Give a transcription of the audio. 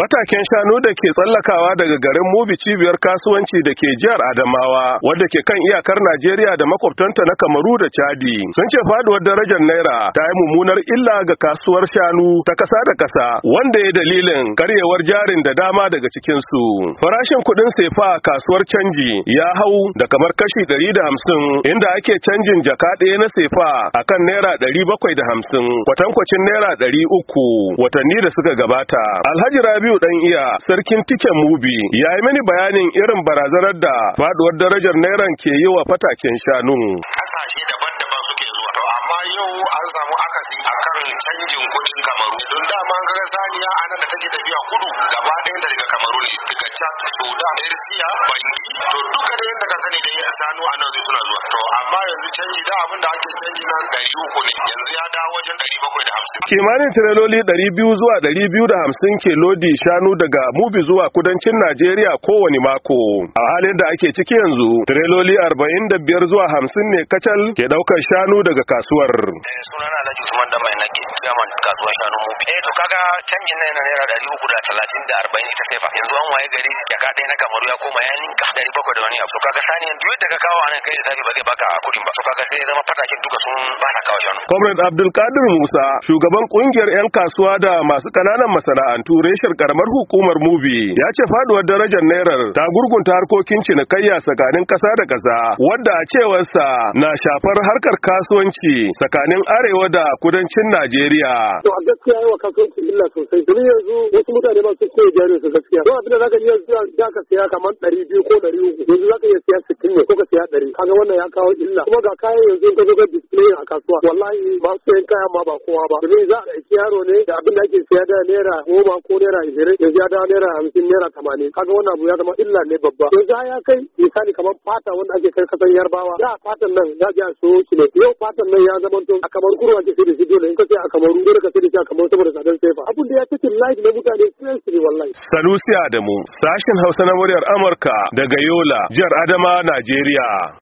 Matakin shanu da ke tsallakawa daga garin Mubi cibiyar kasuwanci da ke jihar Adamawa wadda ke kan iyakar Najeriya da makwabtanta na Kamaru da Chadi sun ce faduwar darajar naira ta yi mummunar illa ga kasuwar shanu ta kasa da kasa wanda ya dalilin karyewar jarin da dama daga cikin su. Farashin kuɗin sefa a kasuwar canji ya hau da kamar kashi ɗari da hamsin inda ake canjin jaka ɗaya na sefa akan naira ɗari bakwai da hamsin kwatankwacin naira ɗari uku watanni da suka gabata. Alhaji Rabi Rabiu dan iya sarkin tiken mubi ya yi mini bayanin irin barazanar da faduwar darajar nairan ke yi wa fataken shanu. Kasashe daban-daban suke zuwa to amma yau an samu akasi akan canjin kuɗin kamaru don dama an ga saniya nan da take tafiya kudu gaba ɗaya daga kamaru ne daga can Sudan, Eritrea, ta a nan zai suna zuwa to amma yanzu canji da abin da ake canji nan ɗari uku ne yanzu ya dawo wajen ɗari bakwai da hamsin. kimanin tireloli ɗari biyu zuwa ɗari biyu da hamsin ke lodi shanu daga mubi zuwa kudancin najeriya kowane mako a halin da ake ciki yanzu tireloli arba'in da biyar zuwa hamsin ne kacal ke ɗaukar shanu daga kasuwar. Eh, sunana alhaji usman da mai nake gaman kasuwar shanu mubi. eh to kaga canjin nan yana naira ɗari uku da talatin da arba'in ita sefa yanzu an waye gari jaka ɗaya na kamaru ya koma ya ninka ɗari bakwai da wani abu to kaga saniyan duk da ka kawo anan kai lissafi ba zai baka kudin ba so kaga sai zama fatakin duka sun ba ta kawo shanu comrade abdulkadir musa shugaban kungiyar yan kasuwa da masu kananan masana'antu reshen karamar hukumar mubi ya ce faduwar darajar nairar ta gurgunta harkokin cinikayya tsakanin kasa da kasa, wadda a cewarsa na shafar harkar kasuwanci tsakanin arewa da kudancin najeriya to a gaskiya yawa kasuwanci illa sosai domin yanzu wasu mutane ba su ce jari su gaskiya don abin da zaka iya yanzu da ka siya kamar ɗari biyu ko ɗari uku yanzu zaka iya siya sittin ne ko gari kaga wannan ya kawo illa kuma ga kayan yanzu ga ga display a kasuwa wallahi ba su yin kaya ma ba kowa ba domin za a aiki yaro ne da abin da ake siya da naira goma ko naira ishirin yanzu ya dawo naira hamsin naira tamanin kaga wannan abu ya zama illa ne babba yanzu ya kai misali kamar fata wanda ake kai kasan yarbawa da fatan nan ya ji a so shi ne yau fatan nan ya zama to a kamar kuro ake sai da shi dole in ka sai a kamar ka sai da shi a kamar saboda tsadar sefa abin da ya fi life na mutane sai su ne wallahi salusi Adamu sashen Hausa na muryar Amurka daga Yola jihar Adama Najeriya